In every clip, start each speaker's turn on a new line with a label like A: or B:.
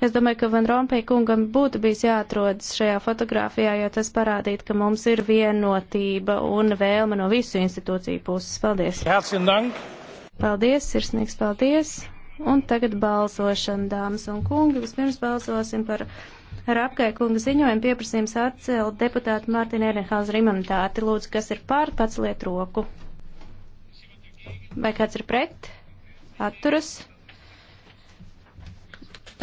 A: Es domāju, ka Van Rompēja kungam būtu bijis jāatrodas šajā fotografijā, jo tas parādītu, ka mums ir vienotība un vēlme no visu institūciju puses. Paldies! Paldies, sirsnīgs paldies! Un tagad balsošana, dāmas un kungi. Vispirms balsosim par Rapkai kunga ziņojumu pieprasījums atcelt deputātu Mārtiņu Ernehausu imunitāti. Lūdzu, kas ir pār, pats liet roku. Vai kāds ir pret? Atturas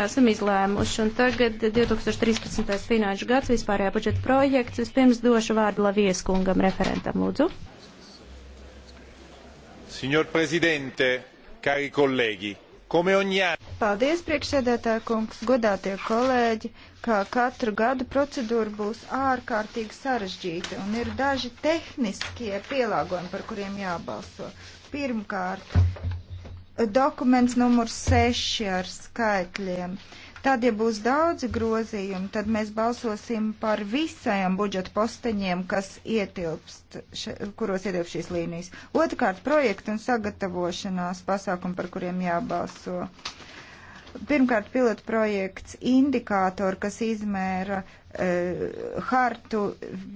A: esam izlēmuši. Un tagad 2013. finanšu gads vispārējā budžeta projekts. Vispirms došu vārdu Lavies kungam, referentam, lūdzu.
B: Signor Presidente, cari colleghi, come ogni anno.
A: Paldies, priekšsēdētāja
C: kungs, godātie kolēģi, kā katru gadu procedūra būs ārkārtīgi sarežģīta un ir daži tehniskie pielāgojumi, par kuriem jābalso. Pirmkārt, dokuments numurs 6 ar skaitļiem. Tad, ja būs daudzi grozījumi, tad mēs balsosim par visajām budžeta posteņiem, kas ietilpst, še, kuros ietilpst šīs līnijas. Otrakārt, projektu un sagatavošanās pasākumu, par kuriem jābalso. Uh, Pirmkārt, pilota projekts indikātori, kas izmēra uh, hartu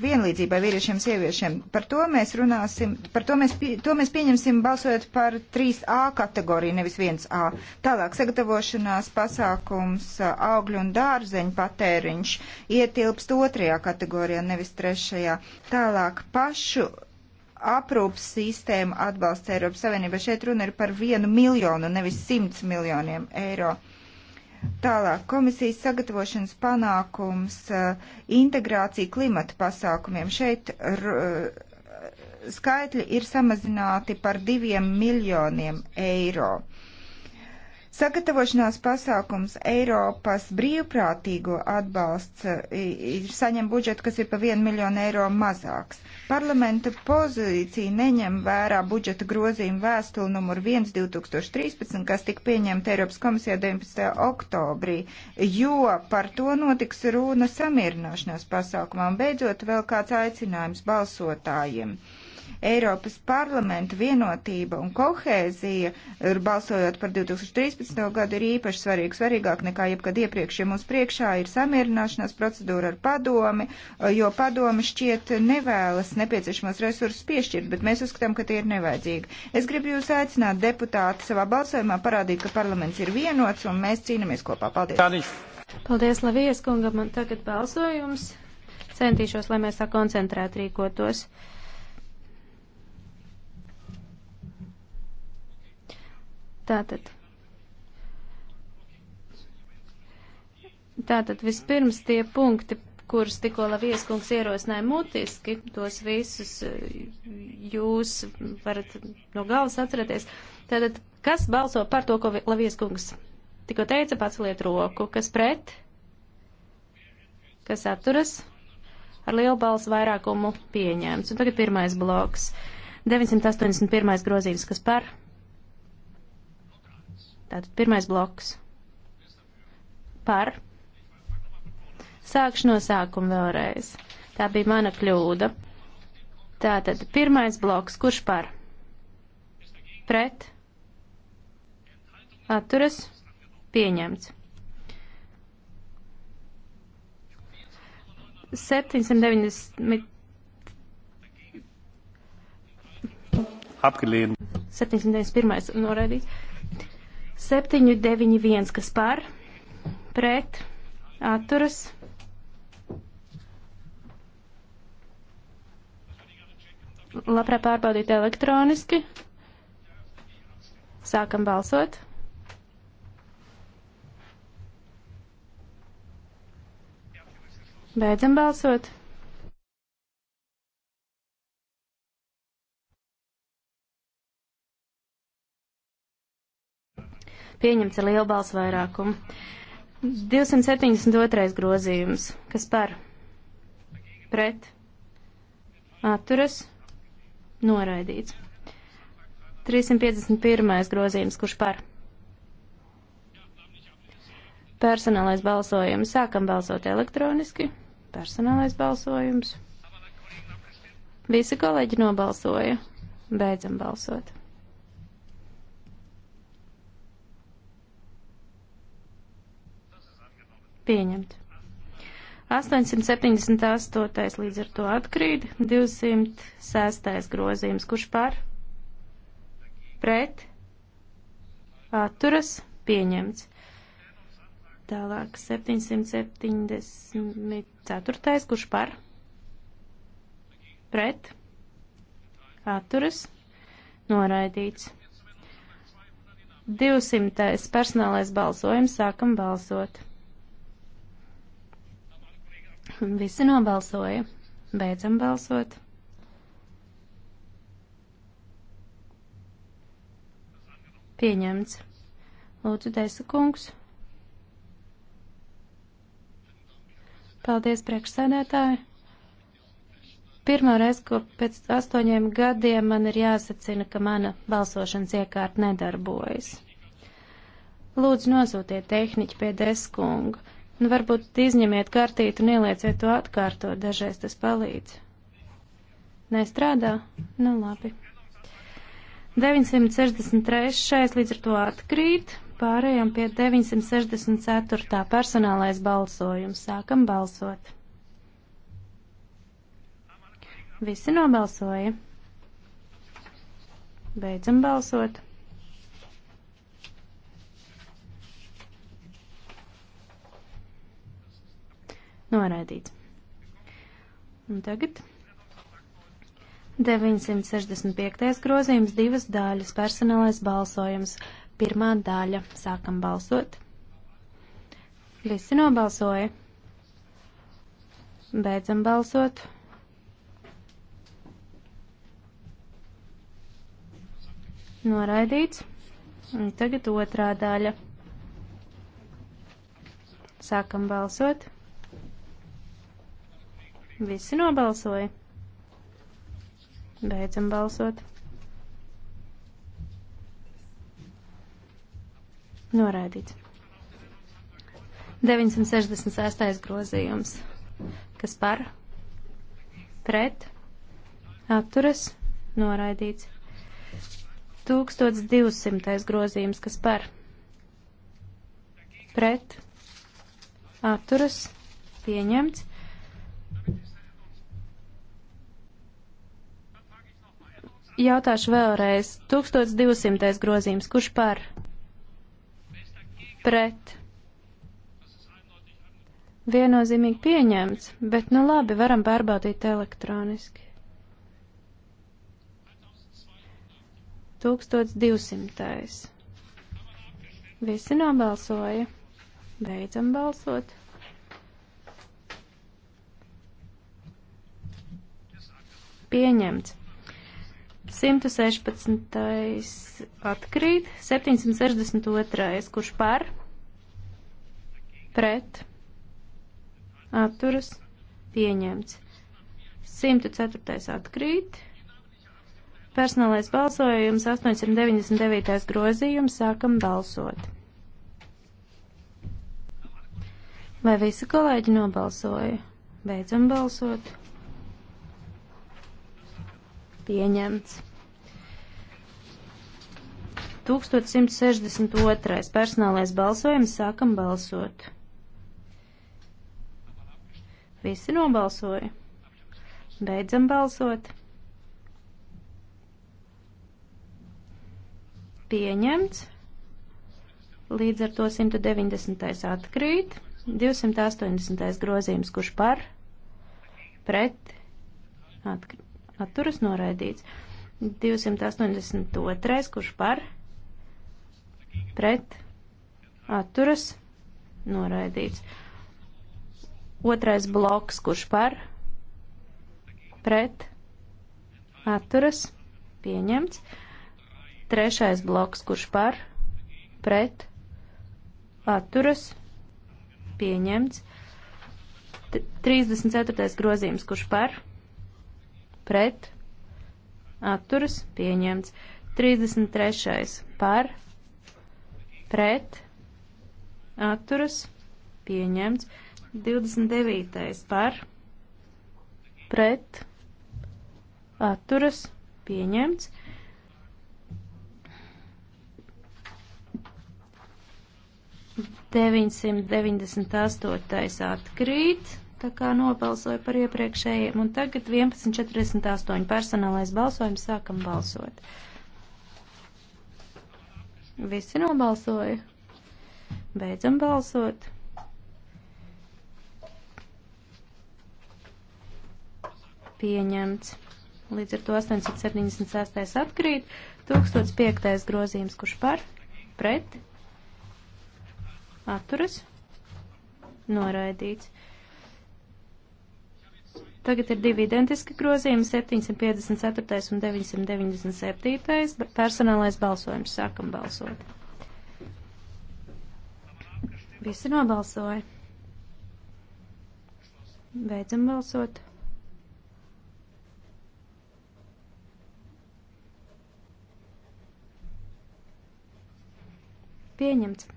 C: vienlīdzībai vīriešiem un sieviešiem. Par to mēs runāsim, par to mēs, to mēs pieņemsim balsojot par 3A kategoriju, nevis 1A. Tālāk sagatavošanās pasākums e, augļu un dārzeņu patēriņš ietilpst otrajā kategorijā, nevis trešajā. Tālāk pašu aprūpas sistēmu atbalsta Eiropas Savienība. Šeit runa ir par vienu miljonu, nevis simts miljoniem eiro. Tālāk, komisijas sagatavošanas panākums, eh, integrācija klimata pasākumiem. Šeit eh, skaitļi ir samazināti par diviem miljoniem eiro. Uh, Sagatavošanās pasākums Eiropas brīvprātīgo atbalsts ir saņem budžetu, kas ir pa 1 miljonu eiro mazāks. Parlamenta pozīcija neņem vērā budžeta grozījuma vēstuli numur 1 2013, kas tika pieņemta Eiropas komisijā 19. oktobrī, jo par to notiks runa samierināšanās pasākumā. Un beidzot vēl kāds aicinājums balsotājiem. Uh, Eiropas parlamenta vienotība un kohēzija, balsojot par 2013. gadu, ir īpaši svarīga, svarīgāk nekā jebkad iepriekš, ja mums priekšā ir samierināšanās procedūra ar padomi, jo padomi šķiet nevēlas nepieciešamos resursus piešķirt, bet mēs uzskatām, ka tie ir nevajadzīgi. Es gribu jūs aicināt deputāti savā balsojumā parādīt, ka parlaments ir vienots un mēs cīnamies kopā.
B: Paldies!
A: Paldies, Lavijas kungam, man tagad balsojums. Centīšos, lai mēs tā koncentrēt rīkotos. Tātad. Tātad vispirms tie punkti, kurus tikko Lavijas kungs ierosināja mutiski, tos visus eh, jūs varat no galvas atcerēties. Tātad, kas balso par to, ko Lavijas kungs tikko teica, pats liet roku, kas pret, kas atturas, ar lielu balsu vairākumu pieņēmts. Un tagad pirmais bloks. 981. grozījums, kas par? Tātad pirmais bloks. Par. Sākšu no sākuma vēlreiz. Tā bija mana kļūda. Tātad pirmais bloks. Kurš par? Pret. Atturas. Pieņemts. 790. Apgalīna. 791. noraidīts. 791, kas par, pret, atturas. Labprāt pārbaudīt elektroniski. Sākam balsot. Beidzam balsot. pieņemts ar lielu balsu vairākumu. 272. grozījums. Kas par? Pret. Atturas. Noraidīts. 351. grozījums. Kurš par? Personālais balsojums. Sākam balsot elektroniski. Personālais balsojums. Visi kolēģi nobalsoja. Beidzam balsot. pieņemt. 878. līdz ar to atkrīt, 206. grozījums, kurš par, pret, atturas, pieņemts. Tālāk 774. kurš par, pret, atturas, noraidīts. 200. personālais balsojums, sākam balsot. Visi nobalsoja. Beidzam balsot. Pieņemts. Lūdzu, Deisa kungs. Paldies, priekšsēdētāji. Pirmā reize, ko pēc astoņiem gadiem man ir jāsacina, ka mana balsošanas iekārta nedarbojas. Lūdzu, nosūtiet tehniķi pie deskunga Nu, varbūt izņemiet kartīti un ielieciet to atkārtot, dažreiz tas palīdz. Nestrādā? Nu, labi. 963 līdz ar to atkrīt, pārējām pie 964 personālais balsojums. Sākam balsot. Visi nobalsoja. Beidzam balsot. Noraidīts. Un tagad 965. grozījums divas daļas personālais balsojums. Pirmā daļa. Sākam balsot. Visi nobalsoja. Beidzam balsot. Noraidīts. Un tagad otrā daļa. Sākam balsot. Visi nobalsoja. Beidzam balsot. Noraidīts. 966. grozījums. Kas par? Pret? Atturas? Noraidīts. 1200. grozījums. Kas par? Pret? Atturas? Pieņemts. jautāšu vēlreiz. 1200. grozījums, kurš par? Pret. Viennozīmīgi pieņemts, bet nu labi, varam pārbaudīt elektroniski. 1200. Visi nobalsoja. Beidzam balsot. Pieņemts. 116. atkrīt, 762. kurš par, pret, atturas, pieņemts. 104. atkrīt, personālais balsojums, 899. grozījums, sākam balsot. Vai visi kolēģi nobalsoja? Beidzam balsot. Pieņemts. 1162. personālais balsojums. Sākam balsot. Visi nobalsoja. Beidzam balsot. Pieņemts. Līdz ar to 190. atkrīt. 280. grozījums, kurš par, pret, atturas noraidīts. 282. kurš par, pret, atturas, noraidīts. Otrais bloks, kurš par, pret, atturas, pieņemts. Trešais bloks, kurš par, pret, atturas, pieņemts. T 34. grozījums, kurš par, pret, atturas, pieņemts. 33. par, pret, pret, atturas, pieņemts. 29. par, pret, atturas, pieņemts. Deviņsimt deviņdesmit astotais atkrīt, tā kā nobalsoja par iepriekšējiem, un tagad 11.48 personālais balsojums sākam balsot. Uh, Visi nobalsoja. Beidzam balsot. Pieņemts. Līdz ar to 876. atkrīt, 1005. grozījums, kurš par, pret, atturas, noraidīts. Tagad ir divi identiski grozījumi, 754. un 997. Personālais balsojums. Sākam balsot. Visi nobalsoja. Beidzam balsot. Pieņemts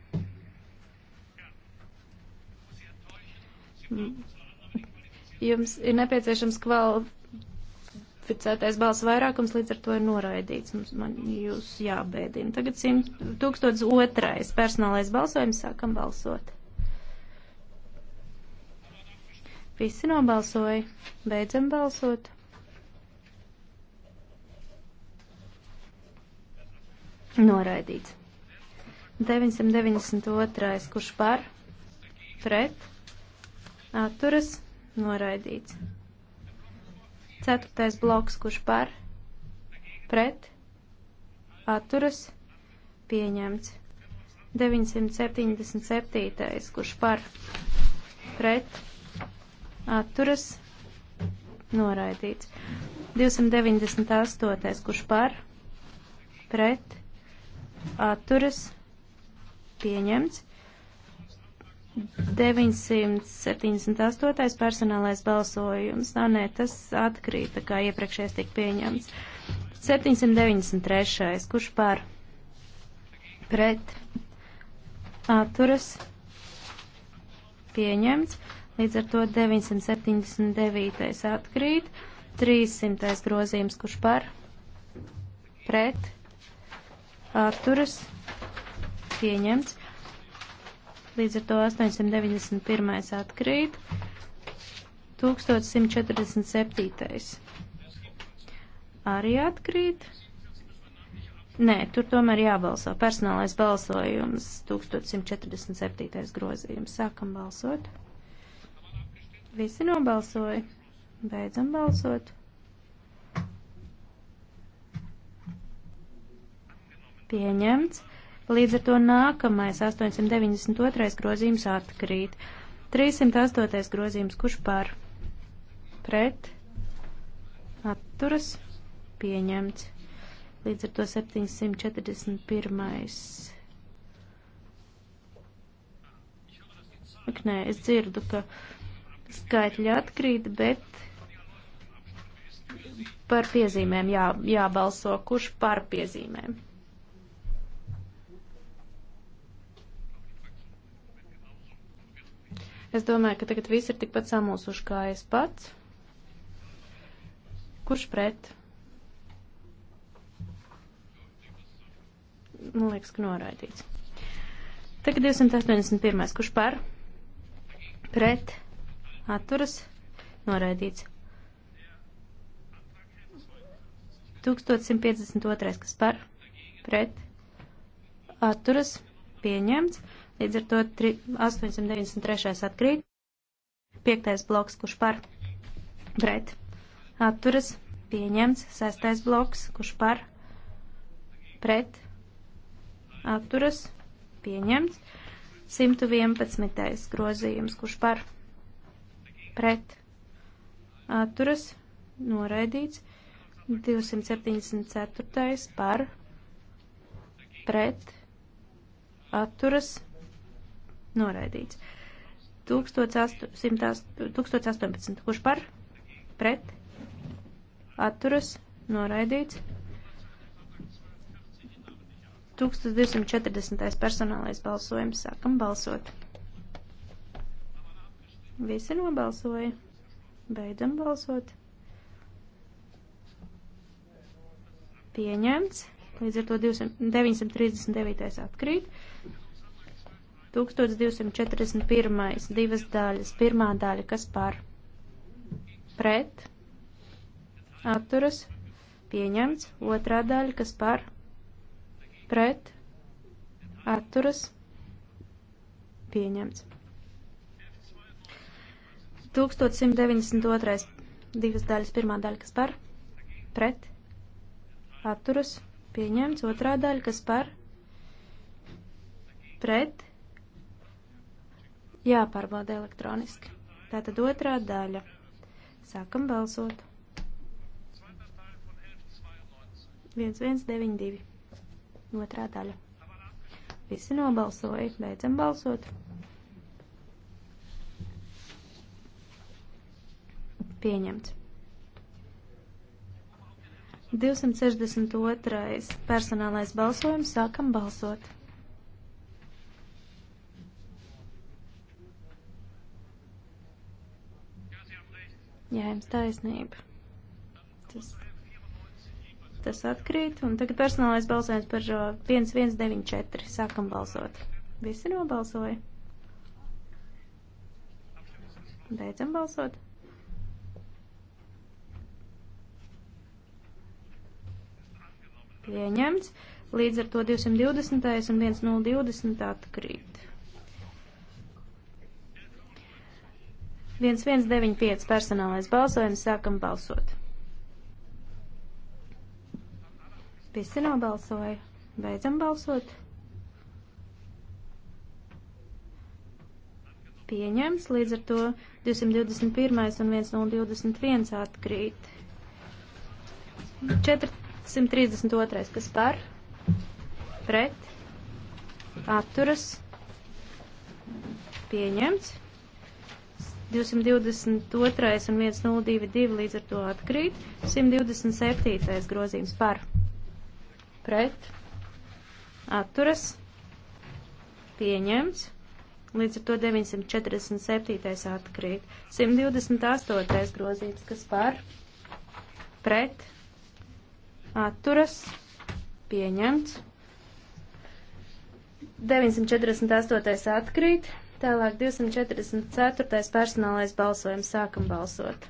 A: jums ir nepieciešams kvalificētais balss vairākums, līdz ar to ir noraidīts. Mums, man jūs jābēdina. Tagad 1002. personālais balsojums sākam balsot. Visi nobalsoja. Beidzam balsot. Noraidīts. 992. Kurš par? Pret? Atturas? noraidīts. Ceturtais bloks, kurš par, pret, atturas, pieņemts. 977. kurš par, pret, atturas, noraidīts. 298. kurš par, pret, atturas, pieņemts. 978. personālais balsojums. Nā, nē, tas atkrīt, tā kā iepriekšējais tika pieņemts. 793. Kurš par? Pret. Atturas. Pieņemts. Līdz ar to 979. atkrīt. 300. grozījums. Kurš par? Pret. Atturas. Pieņemts līdz ar to 891. atkrīt, 1147. arī atkrīt. Nē, tur tomēr jābalso. Personālais balsojums 1147. grozījums. Sākam balsot. Visi nobalsoja. Beidzam balsot. Pieņemts. Līdz ar to nākamais 892. grozījums atkrīt. 308. grozījums, kurš par pret atturas pieņemts. Līdz ar to 741. Ak, nē, es dzirdu, ka skaitļi atkrīt, bet par piezīmēm jā, jābalso, kurš par piezīmēm. Es domāju, ka tagad viss ir tikpat samulsuši kā es pats. Kurš pret? Man liekas, ka noraidīts. Tagad 281. Kurš par? Pret? Atturas? Noraidīts. 1152. Kas par? Pret? Atturas? Pieņemts. Līdz ar to 893. atkrīt. Piektais bloks, kurš par pret atturas pieņemts. Sestais bloks, kurš par pret atturas pieņemts. 111. grozījums, kurš par pret atturas noraidīts. 274. par pret atturas pieņemts noraidīts. 1018, kurš par, pret, atturas, noraidīts. 1240. personālais balsojums, sākam balsot. Visi nobalsoja. Beidzam balsot. Pieņemts. Līdz ar to 200, 939. atkrīt. 1241. divas daļas. Pirmā daļa, kas par pret atturas pieņemts. Otrā daļa, kas par pret atturas pieņemts. 1192. divas daļas. Pirmā daļa, kas par pret atturas pieņemts. Otrā daļa, kas par pret Jāpārbauda elektroniski. Tātad otrā daļa. Sākam balsot. 1192. Otrā daļa. Visi nobalsoja. Beidzam balsot. Pieņemts. 262. personālais balsojums. Sākam balsot. Jā, jums taisnība. Tas, tas atkrīt. Un tagad personālais balsojums par 1194. Uh, Sākam balsot. Visi nobalsoja. Beidzam balsot. Pieņemts. Līdz ar to 220. un 1020 atkrīt. 1195 personālais balsojums, sākam balsot. Visi nobalsoja. Beidzam balsot. Pieņems, līdz ar to 221 un 1021 atkrīt. 432, kas par, pret, atturas, pieņemts. 222 un 1022 līdz ar to atkrīt. 127. grozījums par pret atturas pieņemts. Līdz ar to 947. atkrīt. 128. grozījums, kas par pret atturas pieņemts. 948. atkrīt. Tālāk 244. personālais balsojums. Sākam balsot.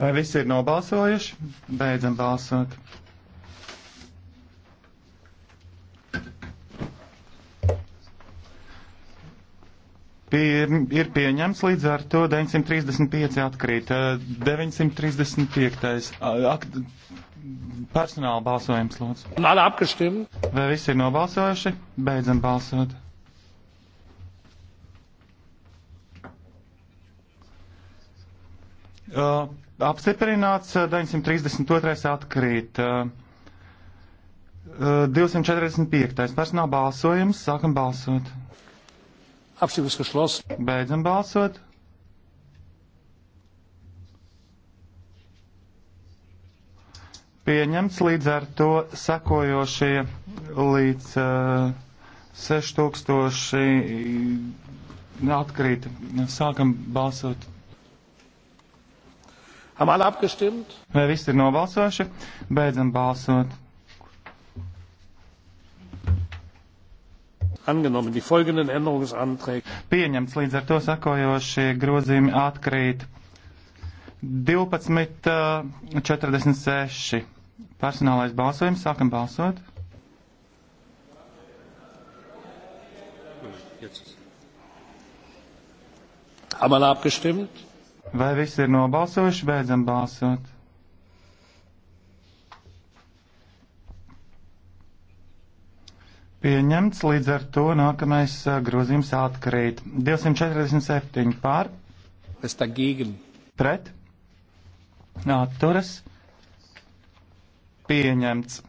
B: Vai visi ir nobalsojuši? Beidzam balsot. Pie, ir pieņemts līdz ar to 935 atkrīt. 935. Ak, personāla balsojums, lūdzu. Vai visi ir nobalsojuši? Beidzam balsot. Uh, apstiprināts, 932. Uh, atkrīt. Uh, 245. Uh, personāla balsojums. Sākam balsot. Apstiprināts, ka šlos. Beidzam balsot. Pieņemts līdz ar to sekojošie līdz uh, 6000 atkrīt. Sākam balsot. Vai viss ir nobalsojuši? Beidzam balsot. Angenommen, die folgenden Änderungsanträge. Pieņemts līdz ar to sakojošie grozījumi atkrīt. 12.46. Uh, Personālais balsojums. Sākam balsot. Haben alle abgestimmt? Vai visi ir nobalsojuši? Beidzam balsot. Pieņemts, līdz ar to nākamais uh, grozījums atkrīt. 247 pār. Es tā gīgam. Pret. Atturas. Pieņemts.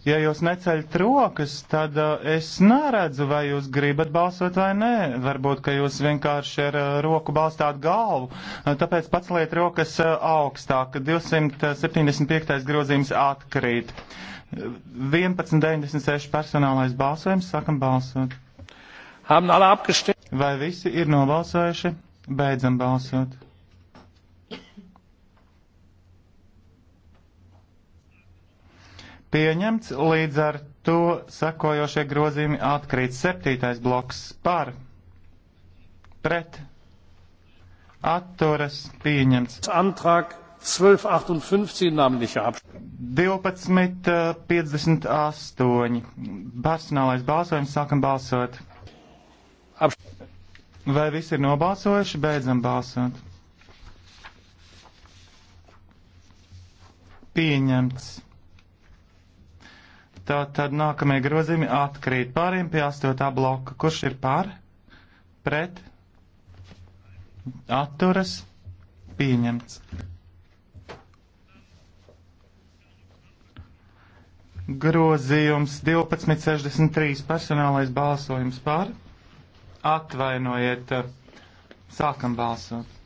B: Ja jūs neceļat rokas, tad uh, es neredzu, vai jūs gribat balsot vai nē. Varbūt, ka jūs vienkārši ar uh, roku balstāt galvu. Uh, tāpēc paceliet rokas uh, augstāk. 275. grozījums atkrīt. 11.96 personālais balsojums. Sākam balsot. Vai visi ir nobalsojuši? Beidzam balsot. pieņemts, līdz ar to sekojošie grozījumi atkrīt. Septītais bloks par, pret, atturas, pieņemts. Antrāk 12.58 namliche apšķirta. 12.58. Personālais balsojums, sākam balsot. Apš... Vai visi ir nobalsojuši? Beidzam balsot. Pieņemts. Tā tad nākamie grozījumi atkrīt pāriem pie 8. bloka. Kurš ir pār? Pret? Atturas? Pieņemts. Grozījums 1263 personālais balsojums pār. Atvainojiet, sākam balsot.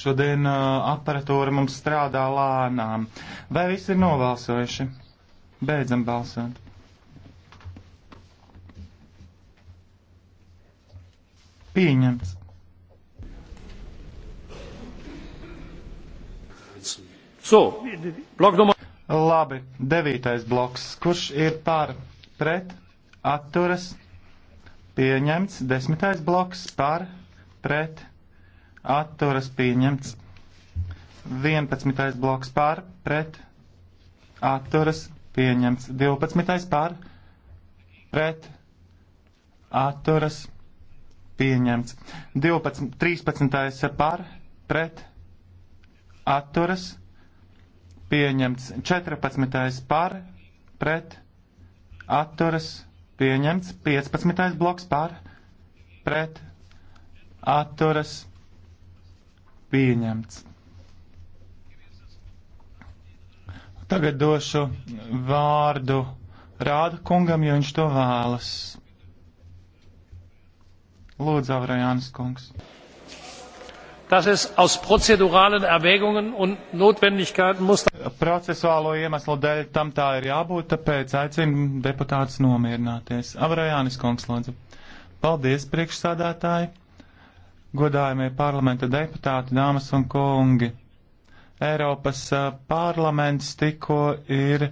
B: Šodien uh, aparatūra mums strādā lānām. Vai visi ir novalsojuši? Beidzam balsot. Pieņemts. So, blok numur. Labi, devītais bloks. Kurš ir par pret, atturas, pieņemts, desmitais bloks par pret, atturas pieņemts. 11. bloks pār, pret, atturas pieņemts. 12. pār, pret, atturas pieņemts. 12, 13. pār, pret, atturas pieņemts. 14. pār, pret, atturas pieņemts. 15. bloks pār, pret, atturas pieņemts atturas pieņemts. Tagad došu vārdu Rāda kungam, jo viņš to vēlas. Lūdzu, Avrajānis kungs. Tas ir aus procedurālen erwägungen un notwendigkeiten muss. Procesuālo iemeslu dēļ tam tā ir jābūt, tāpēc aicinu deputātus nomierināties. Avrajānis kungs, lūdzu. Paldies, priekšsādātāji. Godājumie parlamenta deputāti, dāmas un kungi, Eiropas parlaments tikko ir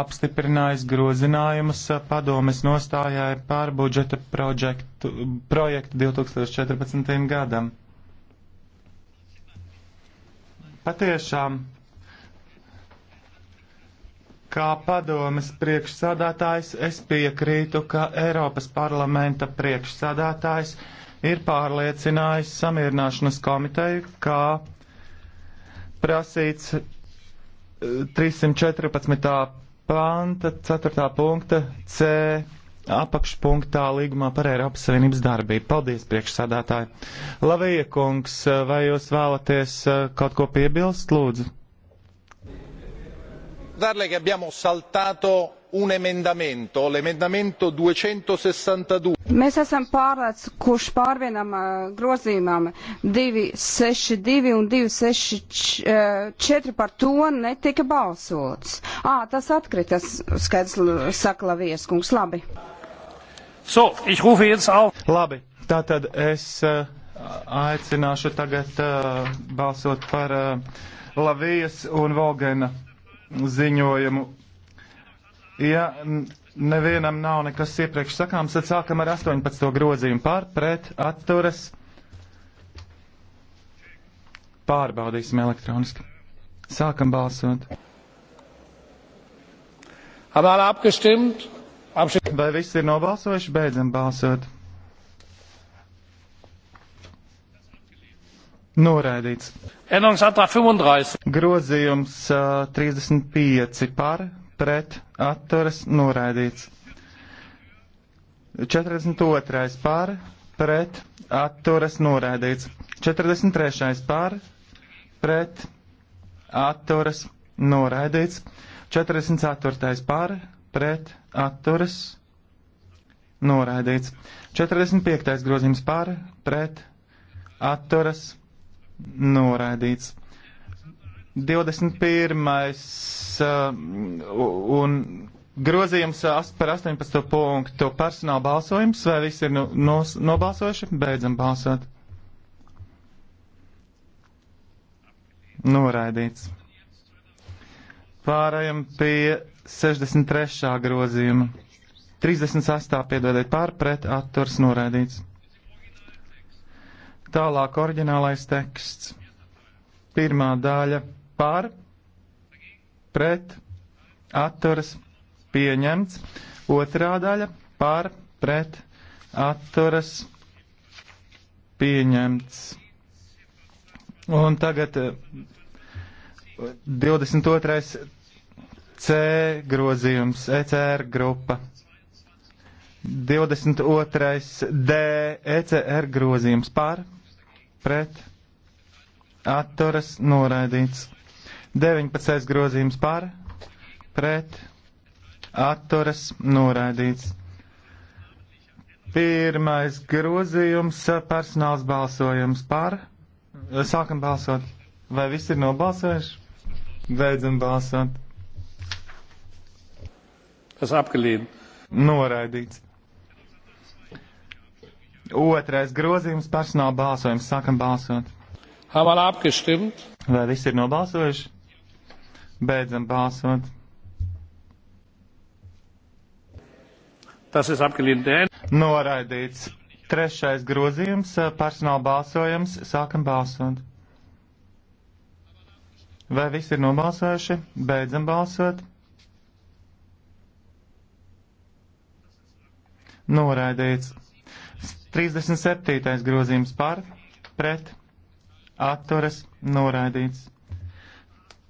B: apstiprinājis grozinājumus padomes nostājai par budžeta projektu, projektu 2014. gadam. Patiešām, kā padomes priekšsādātājs, es piekrītu, ka Eiropas parlamenta priekšsādātājs ir pārliecinājis samierināšanas komiteju, kā prasīts 314. Eh, panta 4. punkta C apakšpunktā līgumā par Eiropas Savienības darbību. Paldies, priekšsādātāji. Lavija kungs, eh, vai jūs vēlaties eh, kaut ko piebilst, lūdzu? Darle, un emendamento, l'emendamento 262.
D: Mēs esam pārēc, kurš pārvienam grozījumam 262 un 264 par to netika balsots. Ā, tas atkritas, skaidrs saka Lavies kungs, labi.
B: So, ich rufe jetzt auf. Labi, tātad es uh, aicināšu tagad uh, balsot par uh, Lavijas un Volgena ziņojumu Ja nevienam nav nekas iepriekš sakāms, tad sākam ar 18. grozījumu pār, pret, atturas. Pārbaudīsim elektroniski. Sākam balsot. Vai viss ir nobalsojuši? Beidzam balsot. Noraidīts. Grozījums uh, 35 par, pret atturas noraidīts. 42. pār pret atturas noraidīts. 43. pār pret atturas noraidīts. 44. pār pret atturas noraidīts. 45. grozījums pār pret atturas noraidīts. 21. Uh, un grozījums uh, par 18. punktu personāla balsojums, vai visi ir no, nu, no, nu, nobalsojuši? Beidzam balsot. Noraidīts. Pārējam pie 63. grozījuma. 38. piedodiet pār pret atturs noraidīts. Tālāk oriģinālais teksts. Pirmā daļa par, pret, atturas, pieņemts. Otrā daļa par, pret, atturas, pieņemts. Un tagad 22. Eh, C grozījums, ECR grupa. 22. D ECR grozījums par, pret, atturas, noraidīts. 19. grozījums par, pret, atturas, noraidīts. Pirmais grozījums - personāls balsojums par. Sākam balsot. Vai viss ir nobalsojuši? Beidzam balsot. Tas apgalīd. Noraidīts. Otrais grozījums - personāla balsojums. Sākam balsot. Vai viss ir nobalsojuši? Beidzam balsot. Tas ir apgalīdēn. Noraidīts. Trešais grozījums eh, - personāla balsojums. Sākam balsot. Vai visi ir nobalsojuši? Beidzam balsot. Noraidīts. 37. grozījums par, pret, atturas, noraidīts.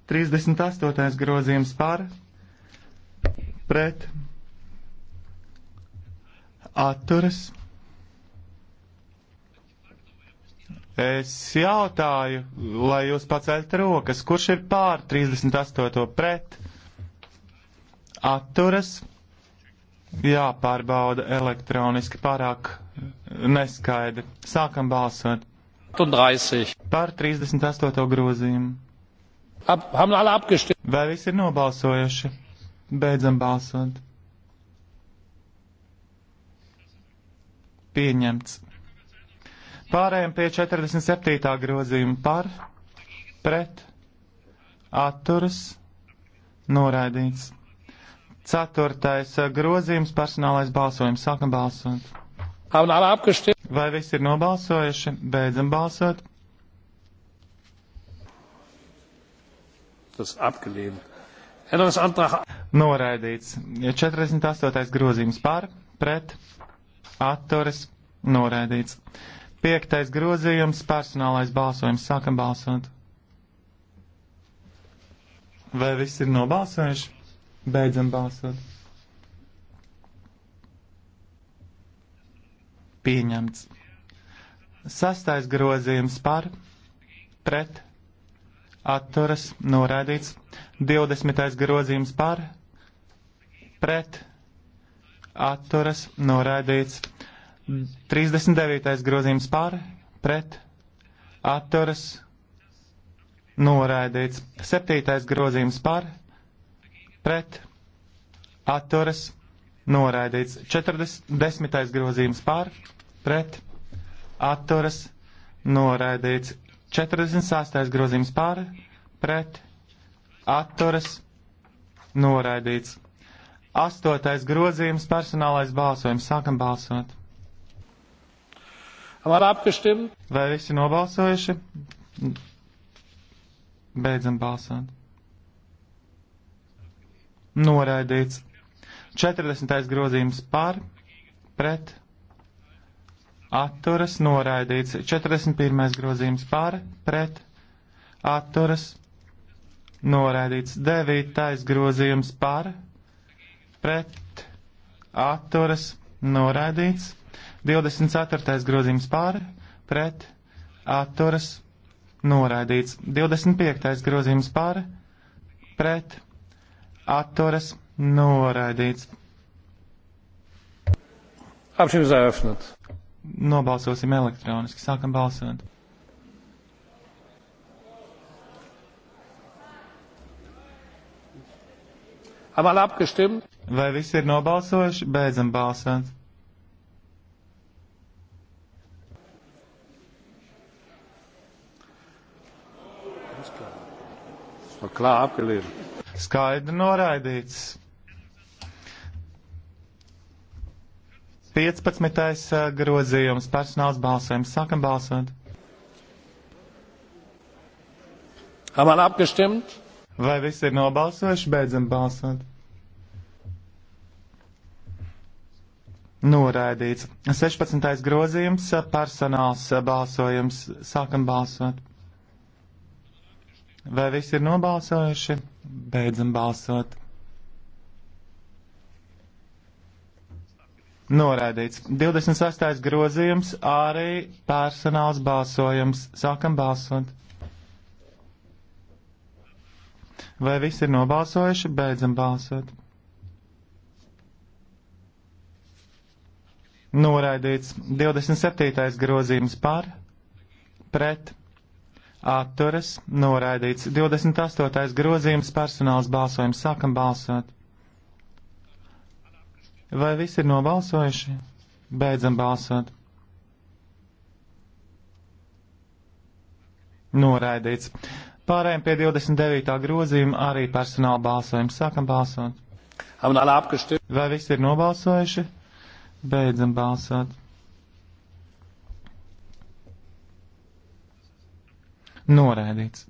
B: 38. grozījums par pret atturas. Es jautāju, lai jūs paceļat rokas, kurš ir pār 38. pret atturas. Jāpārbauda elektroniski pārāk neskaidri. Sākam balsot. 38. Par 38. grozījumu. Vai visi ir nobalsojuši? Beidzam balsot. Pieņemts. Pārējiem pie 47. grozījuma par, pret, atturas, noraidīts. Ceturtais eh, grozījums personālais balsojums. Sākam balsot. Vai visi ir nobalsojuši? Beidzam balsot. Tas apgalīm. Noraidīts. 48. grozījums par, pret, atturas, noraidīts. 5. grozījums, personālais balsojums, sākam balsot. Vai viss ir nobalsojuši? Beidzam balsot. Pieņemts. Sastais grozījums par, pret, atturas noraidīts. 20. grozījums par pret atturas noraidīts. 39. grozījums par pret atturas noraidīts. 7. grozījums par pret atturas noraidīts. 40. grozījums par pret atturas noraidīts. 46. grozījums pār, pret, atturas, noraidīts. 8. grozījums personālais balsojums. Sākam balsot. Vai visi nobalsojuši? Beidzam balsot. Noraidīts. 40. grozījums pār, pret, atturas noraidīts. 41. grozījums par, pret, atturas noraidīts. 9. grozījums par, pret, atturas noraidīts. 24. grozījums par, pret, atturas noraidīts. 25. grozījums par, pret, atturas noraidīts. Apšīm zēfnat. Nobalsosim elektroniski. Sākam balsot. Vai visi ir nobalsojuši? Beidzam balsot. Skaidri noraidīts. 15. Eh, grozījums personāls balsojums. Sākam balsot. Haman apgestimt? Vai visi ir nobalsojuši? Beidzam balsot. Noraidīts. 16. grozījums, eh, personāls eh, balsojums. Sākam balsot. Vai visi ir nobalsojuši? Beidzam balsot. Noraidīts. 28. grozījums, arī personāls balsojums. Sākam balsot. Vai visi ir nobalsojuši? Beidzam balsot. Noraidīts. 27. grozījums par, pret, atturas. Noraidīts. 28. grozījums, personāls balsojums. Sākam balsot. Vai visi ir nobalsojuši? Beidzam balsot. Noraidīts. Pārējiem pie 29. grozījuma arī personāla balsojums. Sākam balsot. Vai visi ir nobalsojuši? Beidzam balsot. Noraidīts.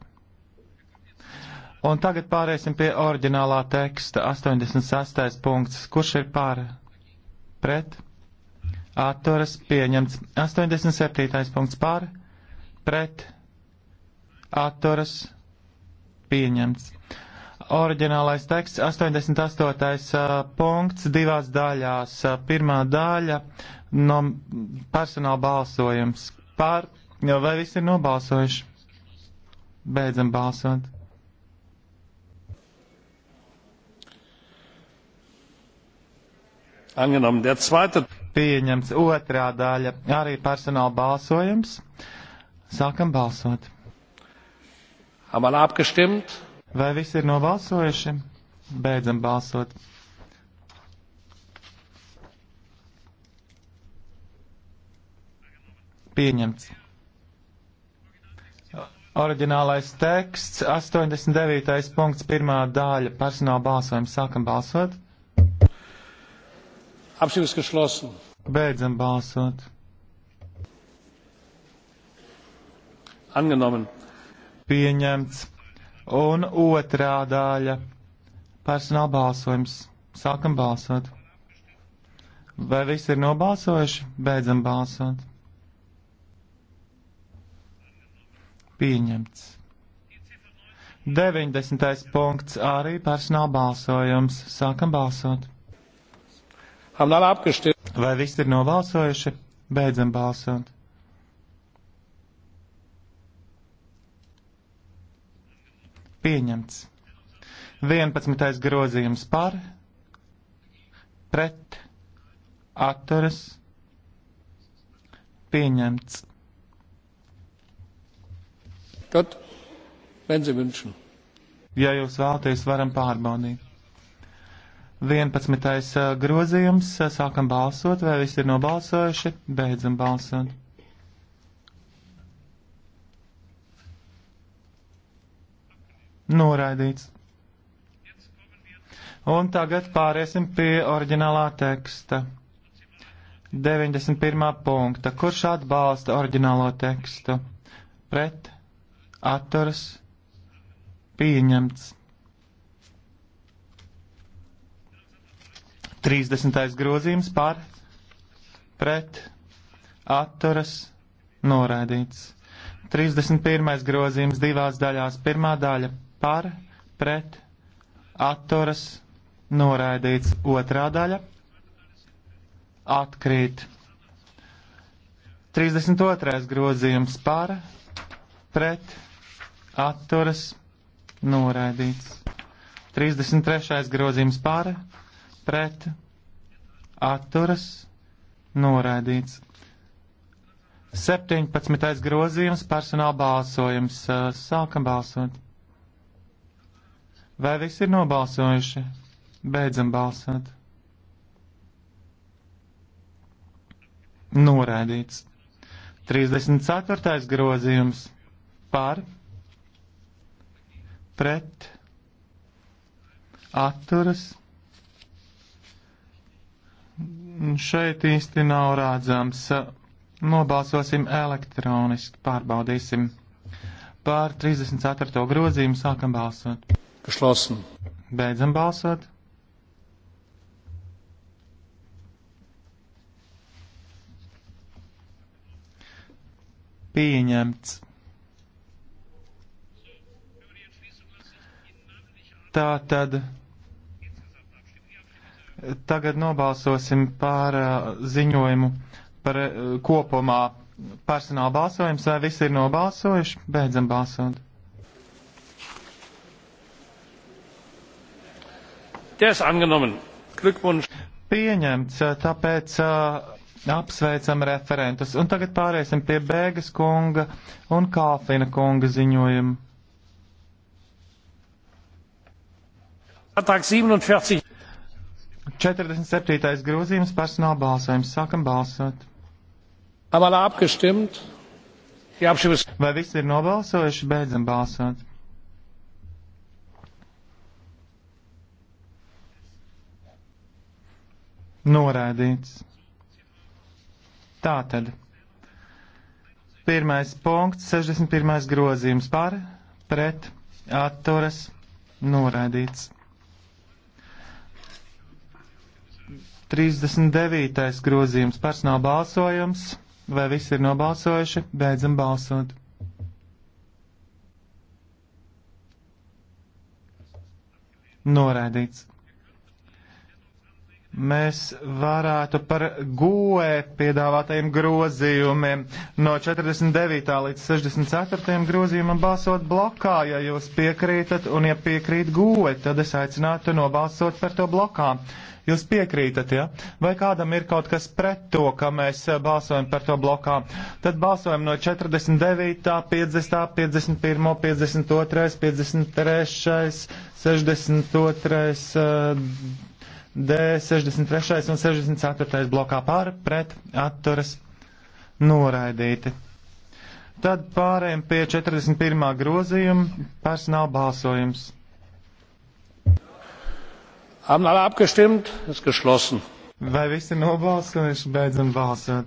B: Un tagad pārēsim pie oriģinālā teksta 86. punkts, kurš ir pār pret atturas pieņemts. 87. punkts pār pret atturas pieņemts. Oriģinālais teksts 88. Uh, punkts divās daļās. Uh, pirmā daļa no personāla balsojums. Pār, vai visi ir nobalsojuši? Beidzam balsot. Angenommen, der zweite. Pieņemts otrā daļa. Arī personāla balsojums. Sākam balsot. Haben alle abgestimmt? Vai visi ir nobalsojuši? Beidzam balsot. Pieņemts. Oriģinālais teksts, 89. punkts, pirmā daļa, personāla balsojums. Sākam balsot. Apšības geschlossen. Beidzam balsot. Angenomen. Pieņemts. Un otrā daļa. Personāla balsojums. Sākam balsot. Vai viss ir nobalsojuši? Beidzam balsot. Pieņemts. 90. punkts arī personāla balsojums. Sākam balsot. Haben alle abgestimmt? Vai viss ir nobalsojuši? Beidzam balsot. Pieņemts. 11. grozījums par, pret, atturas, pieņemts.
A: Gott, wenn Sie wünschen.
B: Ja jūs vēlaties, varam pārbaudīt. 11. grozījums. Sākam balsot, vai visi ir nobalsojuši? Beidzam balsot. Noraidīts. Un tagad pāriesim pie oriģinālā teksta. 91. punkta. Kurš atbalsta oriģinālo tekstu? Pret, atturas, pieņemts. 30. grozījums par pret atturas noraidīts. 31. grozījums divās daļās. Pirmā daļa par pret atturas noraidīts. Otrā daļa atkrīt. 32. grozījums par pret atturas noraidīts. 33. grozījums par pret pret, atturas, noraidīts. 17. grozījums personāla balsojums. Sākam balsot. Vai visi ir nobalsojuši? Beidzam balsot. Noraidīts. 34. grozījums par, pret, atturas, šeit īsti nav rādzams. Nobalsosim elektroniski, pārbaudīsim. Pār 34. grozījumu sākam balsot. Geschlossen. Beidzam balsot. Pieņemts. Tā tad Tagad nobalsosim par uh, ziņojumu par uh, kopumā personāla balsojums. Vai visi ir nobalsojuši? Beidzam balsot.
A: Der ist angenommen.
B: Glückwunsch. Pieņemts, uh, tāpēc apsveicam referentus. Un tagad pāriesim pie Bēgas kunga un Kāfina kunga ziņojumu. Atak 47. 47. grozījums personāla balsojums. Sākam balsot. Vai visi ir nobalsojuši? Beidzam balsot. Noraidīts. Tātad. Pirmais punkts, 61. grozījums par, pret, atturas, noraidīts. 39. grozījums personāla balsojums. Vai visi ir nobalsojuši? Beidzam balsot. Noraidīts. Mēs varētu par goe piedāvātajiem grozījumiem no 49. līdz 64. grozījumam balsot blokā, ja jūs piekrītat, un ja piekrīt goe, tad es aicinātu nobalsot par to blokā. Uh, Jūs piekrītat, ja? Vai kādam ir kaut kas pret to, ka mēs eh, balsojam par to blokā? Tad balsojam no 49., 50., 51., 52., 53., 62., D, 63. un 64. blokā pār pret atturas noraidīti. Tad pārējiem pie 41. grozījuma personāla balsojums. Haben alle abgestimmt? Ist geschlossen. Vai visi nobalsojuši? Beidzam balsot.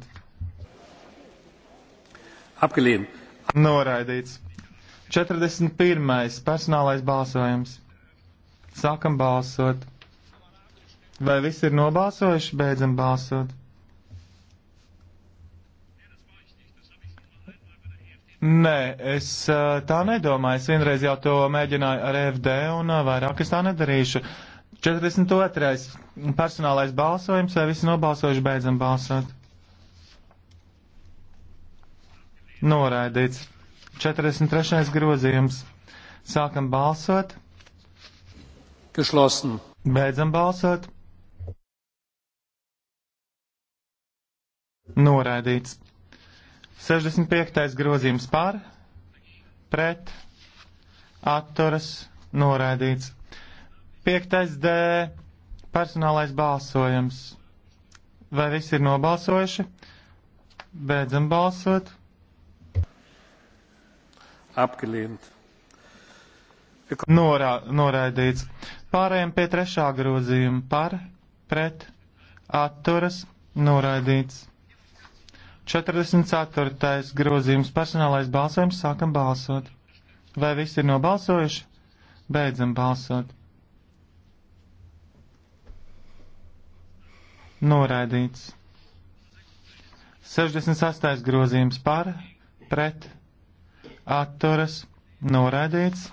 B: Apgalīn. Noraidīts. 41. personālais balsojums. Sākam balsot. Vai visi ir nobalsojuši? Beidzam balsot. Nē, es tā nedomāju. Es vienreiz jau to mēģināju ar FD un vairāk es tā nedarīšu. 42. personālais balsojums, vai visi nobalsojuši beidzam balsot? Noraidīts. 43. grozījums. Sākam balsot. Geschlossen. Beidzam balsot. Noraidīts. 65. grozījums par, pret, atturas, noraidīts. Piektais D. Personālais balsojums. Vai visi ir nobalsojuši? Beidzam balsot. Apgalīt. Norā, noraidīts. Pārējiem pie trešā grozījuma par, pret, atturas, noraidīts. 44. grozījums personālais balsojums sākam balsot. Vai visi ir nobalsojuši? Beidzam balsot. noraidīts. 68. grozījums par, pret, atturas, noraidīts.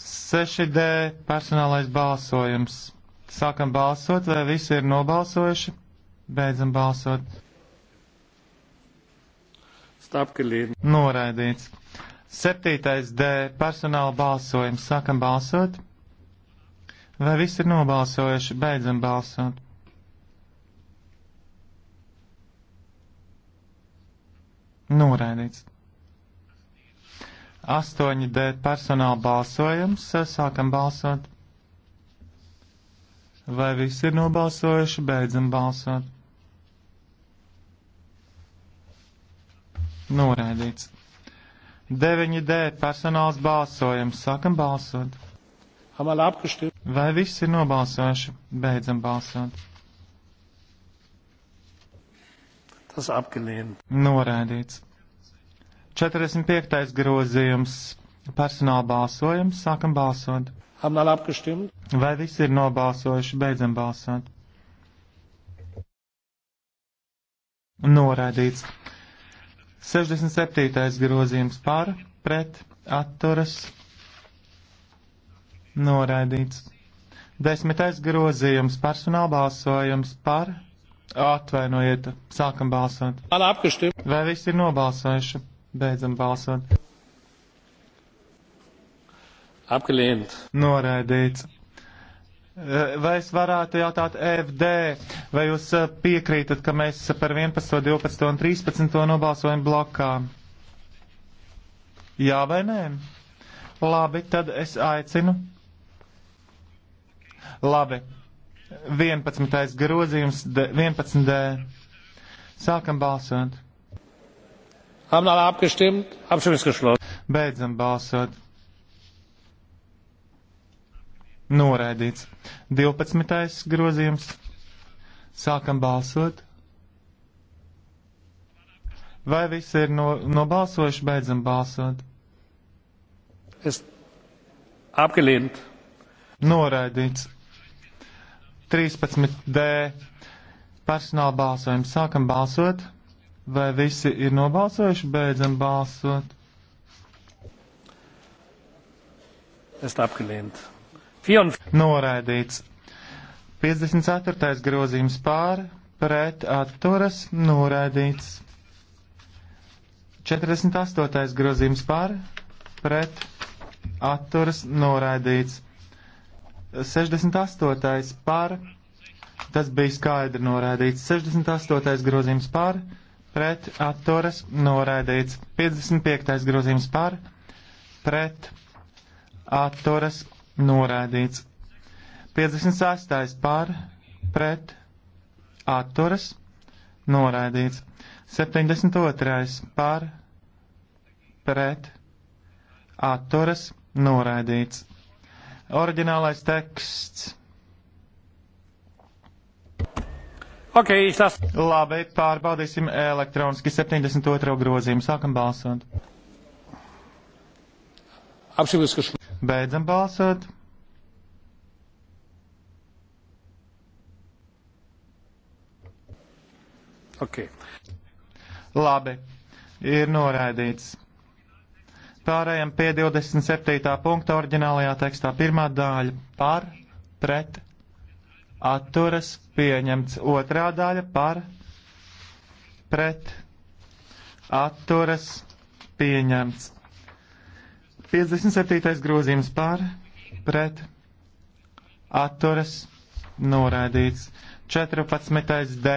B: 6D personālais balsojums. Sākam balsot, vai visi ir nobalsojuši? Beidzam balsot. Stapkelīd. Noraidīts. 7. D personāla balsojums. Sākam balsot. Vai visi ir nobalsojuši? Beidzam balsot. Noraidīts. 8D personāla balsojums. Sākam balsot. Vai visi ir nobalsojuši? Beidzam balsot. Noraidīts. 9D personāls balsojums. Sākam balsot. Vai visi ir nobalsojuši? Beidzam balsot. Tas apgalīn. Norādīts. 45. grozījums. Personāla balsojums. Sākam balsot. Vai visi ir nobalsojuši? Beidzam balsot. Norādīts. 67. grozījums par, pret, atturas. Norādīts. Desmitais grozījums personāla balsojums par, Atvainojiet, sākam balsot. Vai viss ir nobalsojuši? Beidzam balsot. Apgalīt. Noraidīts. Eh, vai es varētu jautāt FD, vai jūs eh, piekrītat, ka mēs par 11, 12 un 13 nobalsojam blokā? Jā vai nē? Labi, tad es aicinu. Labi, 11. grozījums, 11. Sākam balsot. Haben alle abgestimmt? Abstimmung ist geschlossen. Beidzam balsot. Noraidīts. 12. grozījums. Sākam balsot. Vai visi ir no, nobalsojuši? Beidzam balsot. Es apgalīnt. Noraidīts. 13D personāla balsojumu. Sākam balsot. Vai visi ir nobalsojuši? Beidzam balsot. Es apgalīnt. Fion... Noraidīts. 54. grozījums pāri, pret atturas, noraidīts. 48. grozījums pāri, pret atturas, noraidīts. 68. par, tas bija skaidri noraidīts. 68. grozījums par, pret atturas noraidīts. 55. grozījums par, pret atturas noraidīts. 56. par, pret atturas noraidīts. 72. par, pret atturas noraidīts. Oriģinālais teksts. Okay, tas... Labi, pārbaudīsim elektroniski 72. grozījumu. Sākam balsot. Apšīvus, ka šmēr. Beidzam balsot. Okay. Labi, ir noraidīts. Pārējām pie 27. punkta oriģinālajā tekstā. Pirmā daļa par, pret, atturas, pieņemts. Otrā daļa par, pret, atturas, pieņemts. 57. grozījums par, pret, atturas, noraidīts. 14. D.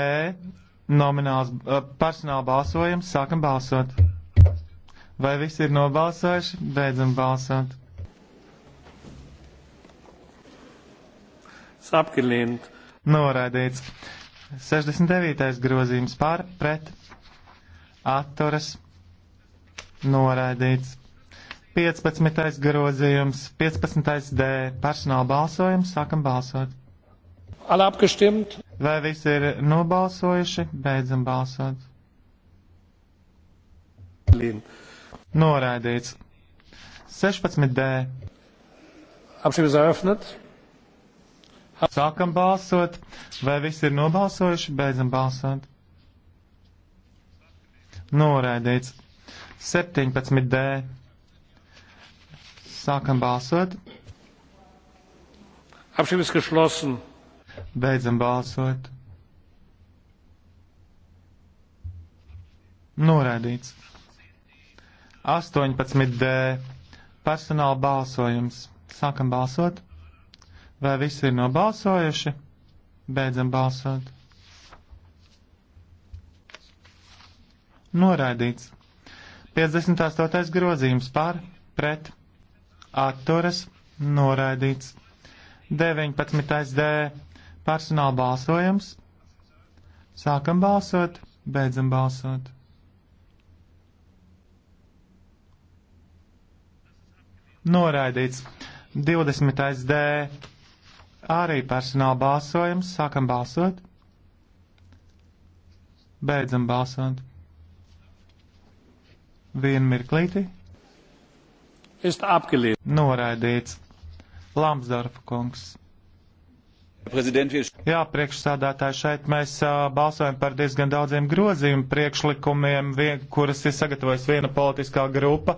B: Nomināls eh, personāla balsojums. Sākam balsot. Vai visi ir nobalsojuši? Beidzam balsot. Sapkilint. Noraidīts. 69. grozījums pār pret. Atturas. Noraidīts. 15. grozījums, 15. D. Personāla balsojums. Sākam balsot. Alle abgestimmt. Vai visi ir nobalsojuši? Beidzam balsot. Lien. Noraidīts. 16D. Apšības aifnet. Sākam balsot. Vai visi ir nobalsojuši? Beidzam balsot. Noraidīts. 17D. Sākam balsot. Apšības geschlossen. Beidzam balsot. Noraidīts. 18D personāla balsojums. Sākam balsot. Vai visi ir nobalsojuši? Beidzam balsot. Noraidīts. 58. grozījums par, pret, atturas, noraidīts. 19. D. Personāla balsojums. Sākam balsot, beidzam balsot. Noraidīts. 20. D. Arī personāla balsojums. Sākam balsot. Beidzam balsot. Vienu mirklīti. Noraidīts. Lamsdorfa kungs. Jā, priekšsādātāji, šeit mēs uh, balsojam par diezgan daudziem grozījumu priekšlikumiem, vien, kuras ir sagatavojusi viena politiskā grupa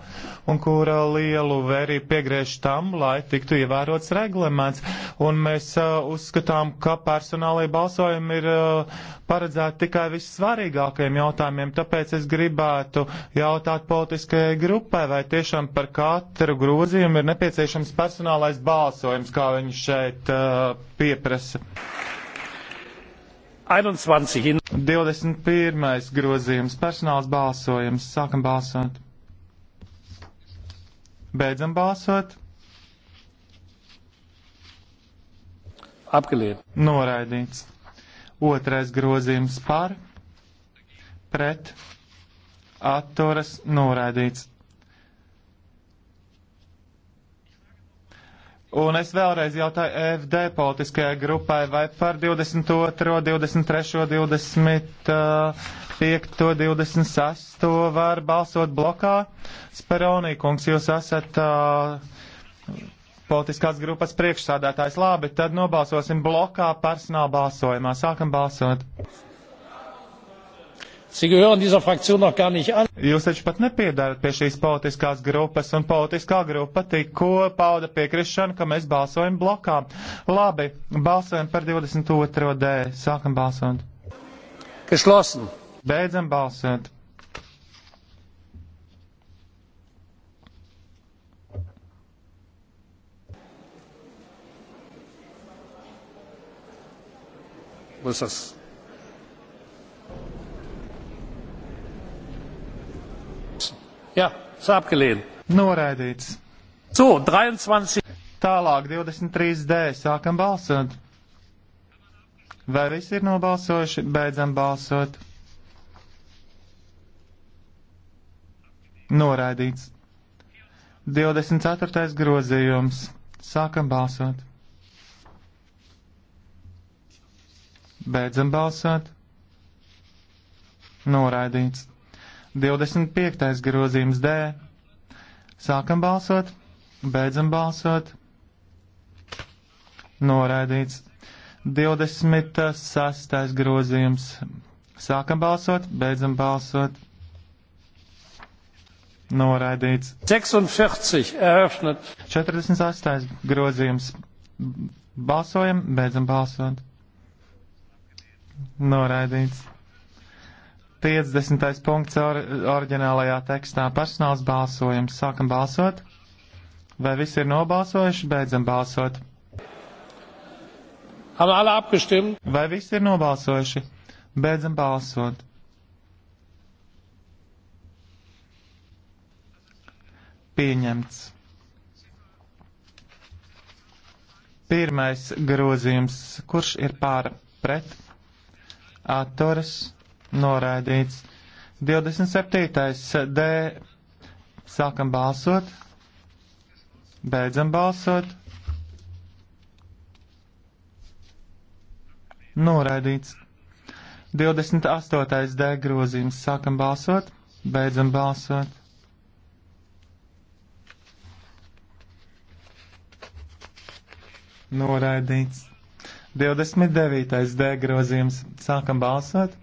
B: un kura lielu vērību piegriež tam, lai tiktu ievērots reglaments. Un mēs uh, uzskatām, ka personālajie balsojumi ir uh, paredzēti tikai vissvarīgākajiem jautājumiem, tāpēc es gribētu jautāt politiskajai grupai, vai tiešām par katru grozījumu ir nepieciešams personālais balsojums, kā viņi šeit uh, pieprasa pieprasa. 21. 21. grozījums. Personāls balsojums. Sākam balsot. Beidzam balsot. Apgaliet. Noraidīts. Otrais grozījums par, pret, atturas, noraidīts. Un es vēlreiz jautāju EFD politiskajai grupai, vai par 22., 23., 25., 26. var balsot blokā. Speronī, kungs, jūs esat uh, politiskās grupas priekšsādātājs. Labi, tad nobalsosim blokā personāla balsojumā. Sākam balsot. Jūs taču pat nepiedarat pie šīs politiskās grupas, un politiskā grupa tikko pauda piekrišanu, ka mēs balsojam blokā. Labi, balsojam par 22. D. Sākam balsot. Geschlossen. Beidzam balsot. Muss das Jā, sāpkalīn. Noraidīts. So, 23. Tālāk 23D sākam balsot. Vai visi ir nobalsojuši? Beidzam balsot. Noraidīts. 24. grozījums. Sākam balsot. Beidzam balsot. Noraidīts. 25. grozījums D. Sākam balsot, beidzam balsot. Noraidīts. 26. grozījums. Sākam balsot, beidzam balsot. Noraidīts. 46. Eröffnet. 48. grozījums. Balsojam, beidzam balsot. Noraidīts. 50. punkts or, oriģinālajā tekstā personāls balsojums. Sākam balsot. Vai visi ir nobalsojuši? Beidzam balsot. Vai visi ir nobalsojuši? Beidzam balsot. Pieņemts. Pirmais grozījums. Kurš ir pār pret? Atturas noraidīts. 27. D. Sākam balsot. Beidzam balsot. Noraidīts. 28. D grozījums. Sākam balsot, beidzam balsot. Noraidīts. 29. D grozījums. Sākam balsot,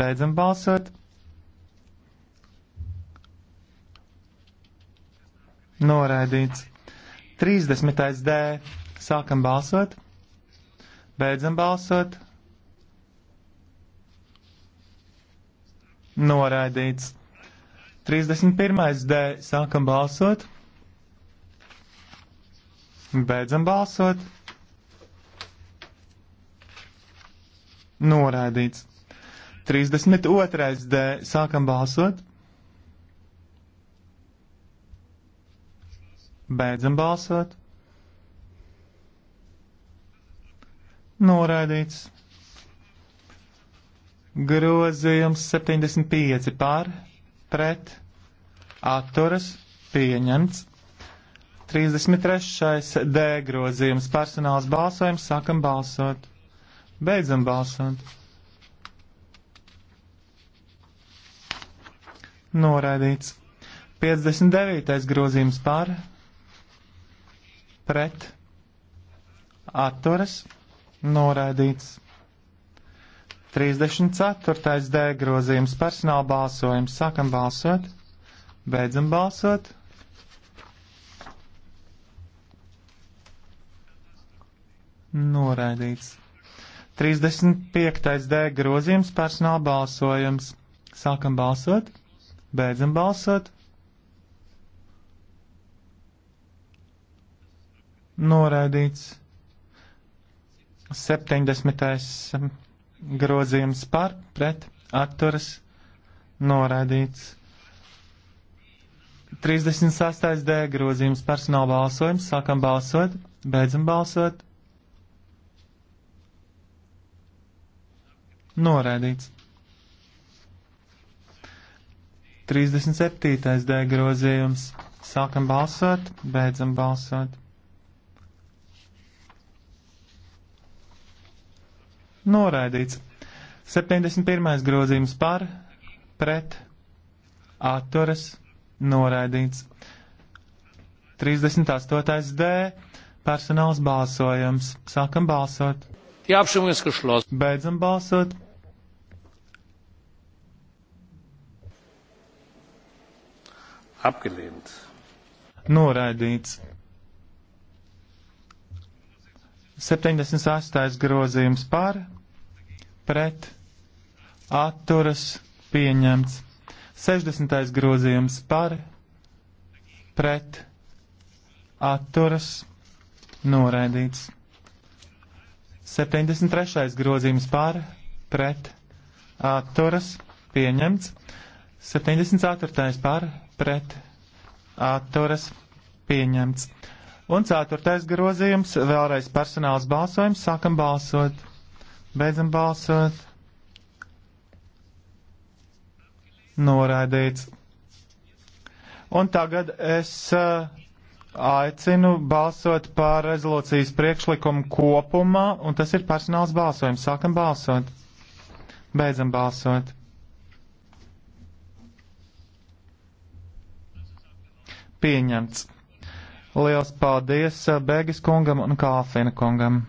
B: Beidzam balsot. Noraidīts. 30. D. Sākam balsot. Beidzam balsot. Noraidīts. 31. D. Sākam balsot. Beidzam balsot. Noraidīts. 32. D. Sākam balsot. Beidzam balsot. Noraidīts. Grozījums 75 pār, pret, atturas, pieņemts. 33. D grozījums personāls balsojums, sākam balsot. Beidzam balsot. noraidīts. 59. grozījums par, pret, atturas, noraidīts. 34. D grozījums personāla balsojums. Sākam balsot, beidzam balsot. Noraidīts. 35. D grozījums personāla balsojums. Sākam balsot. Beidzam balsot. Noraidīts. 70. grozījums par, pret, atturas, noraidīts. 36. D grozījums personāla balsojums, sākam balsot, beidzam balsot. Noraidīts. 37. D grozījums. Sākam balsot, beidzam balsot. Noraidīts. 71. grozījums par, pret, atturas, noraidīts. 38. D. Personāls balsojums. Sākam balsot. Beidzam balsot. Abgelehnt. Noraidīts. 78. grozījums par, pret, atturas, pieņemts. 60. grozījums par, pret, atturas, noraidīts. 73. grozījums par, pret, atturas, pieņemts. 74. par, pret atturas pieņemts. Un ceturtais grozījums, vēlreiz personāls balsojums, sākam balsot, beidzam balsot. Noraidīts. Un tagad es uh, aicinu balsot par rezolūcijas priekšlikumu kopumā, un tas ir personāls balsojums. Sākam balsot. Beidzam balsot. pieņemts. Liels paldies eh, Bēgis kungam un Kāfina kungam.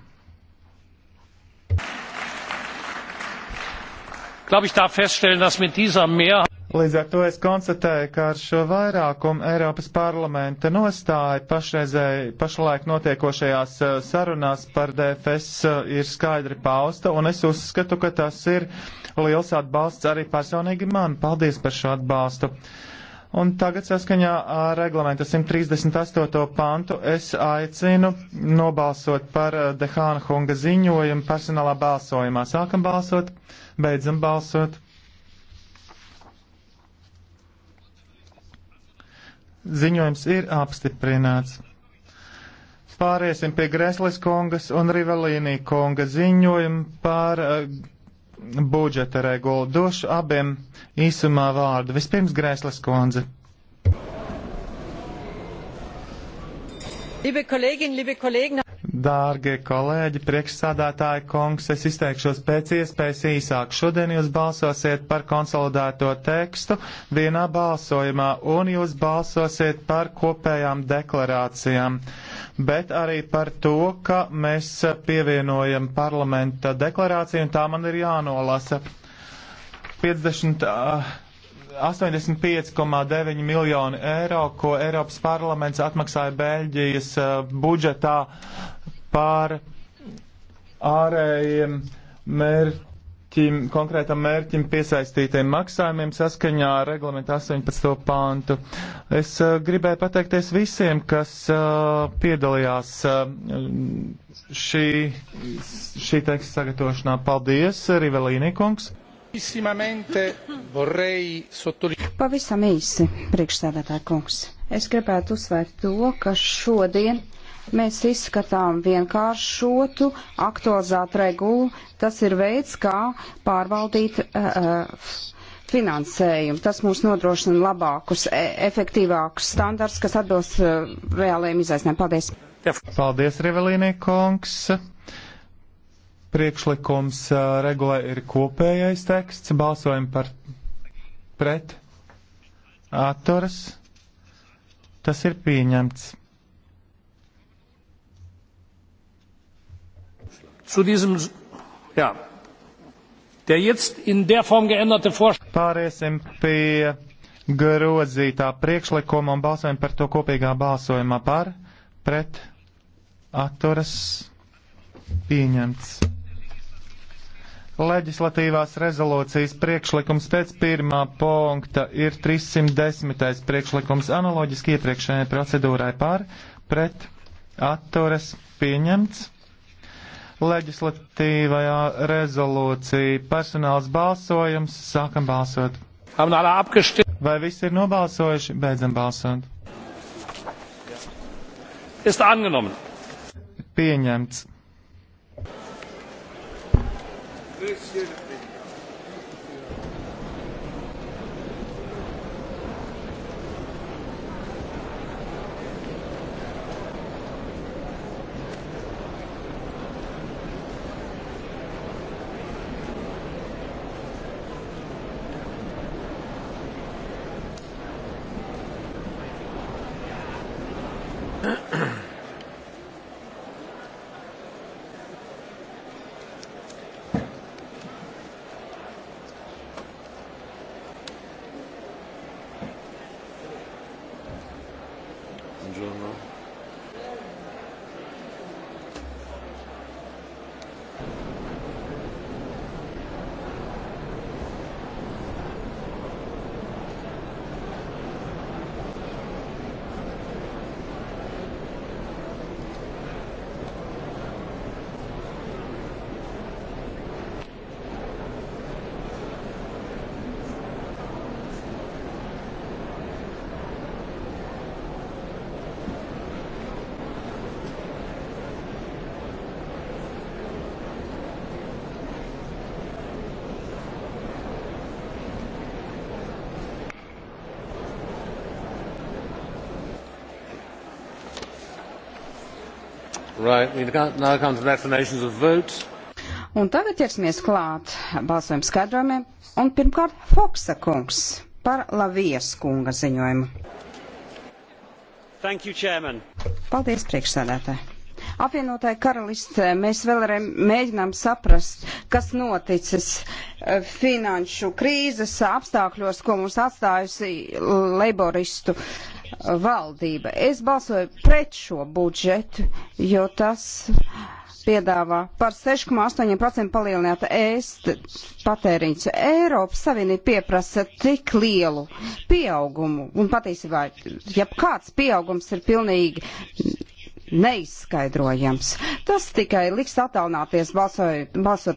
B: Līdz ar to es konstatēju, ka ar šo vairākumu Eiropas parlamenta nostāja pašreizēji pašlaik notiekošajās eh, sarunās par DFS eh, ir skaidri pausta, un es uzskatu, ka tas ir liels atbalsts arī personīgi man. Paldies par šo atbalstu. Un tagad saskaņā ar reglamenta 138. pantu es aicinu nobalsot par eh, Dehāna Hunga ziņojumu personālā balsojumā. Sākam balsot, beidzam balsot. Ziņojums ir apstiprināts. Pāriesim pie Greslis kungas un Rivelīnī kunga ziņojumu par eh, budžeta regulu. Došu abiem īsumā vārdu. Vispirms Grēslas kundze. Liebe kolēģin, liebe kolēģin. Dārgie kolēģi, priekšsādātāji kungs, es izteikšos pēc iespējas īsāk. Šodien jūs balsosiet par konsolidēto tekstu vienā balsojumā un jūs balsosiet par kopējām deklarācijām, bet arī par to, ka mēs pievienojam parlamenta deklarāciju un tā man ir jānolasa. 50. Uh, 85,9 miljoni eiro, ko Eiropas parlaments atmaksāja Beļģijas budžetā pār ārējiem mērķim, konkrētam mērķim piesaistītiem maksājumiem saskaņā ar reglamentu 18. pāntu. Es uh, gribēju pateikties visiem, kas uh, piedalījās uh, šī, šī teksta sagatavošanā. Paldies, Rivelīni kungs! Pavisam īsi, priekšsēdētāj kungs.
D: Es gribētu uzsvērt to, ka šodien Mēs izskatām vienkāršotu, aktualizētu regulu. Tas ir veids, kā pārvaldīt uh, finansējumu. Tas mums nodrošina labākus, e efektīvākus standarts, kas atbilst uh, eh, reāliem izaicinājumiem. Paldies!
B: Paldies, Revelīnē kungs! Priekšlikums uh, regulē ir kopējais teksts. Balsojam par pret. Atturas. Tas ir pieņemts. zu diesem ja, der jetzt in der Form geänderte Vorschlag. Pāriesim pie grozītā priekšlikuma un balsojam par to kopīgā balsojumā par, pret, atturas, pieņemts. Leģislatīvās rezolūcijas priekšlikums pēc pirmā punkta ir 310. priekšlikums analoģiski iepriekšējai procedūrai par, pret, atturas, pieņemts leģislatīvajā rezolūcija. Personāls balsojums. Sākam balsot. Vai visi ir nobalsojuši? Beidzam balsot. Ist angenommen. Pieņemts. Bisschen. Right.
D: Un tagad ķersimies klāt balsojumu skaidrojumiem. Un pirmkārt, Foksa kungs par Lavijas kunga ziņojumu. Thank you, chairman. Paldies, priekšsēdētāji. Apvienotāji karalistē mēs vēlreiz mēģinām saprast, kas noticis eh, finanšu krīzes apstākļos, ko mums atstājusi leiboristu uh, valdība. Es balsoju pret šo budžetu, jo tas piedāvā par 6,8% palielināt ēst patēriņus. Eiropas Savienība pieprasa tik lielu pieaugumu, un patiesībā, ja kāds pieaugums ir pilnīgi neizskaidrojams, tas tikai liks attālināties balsot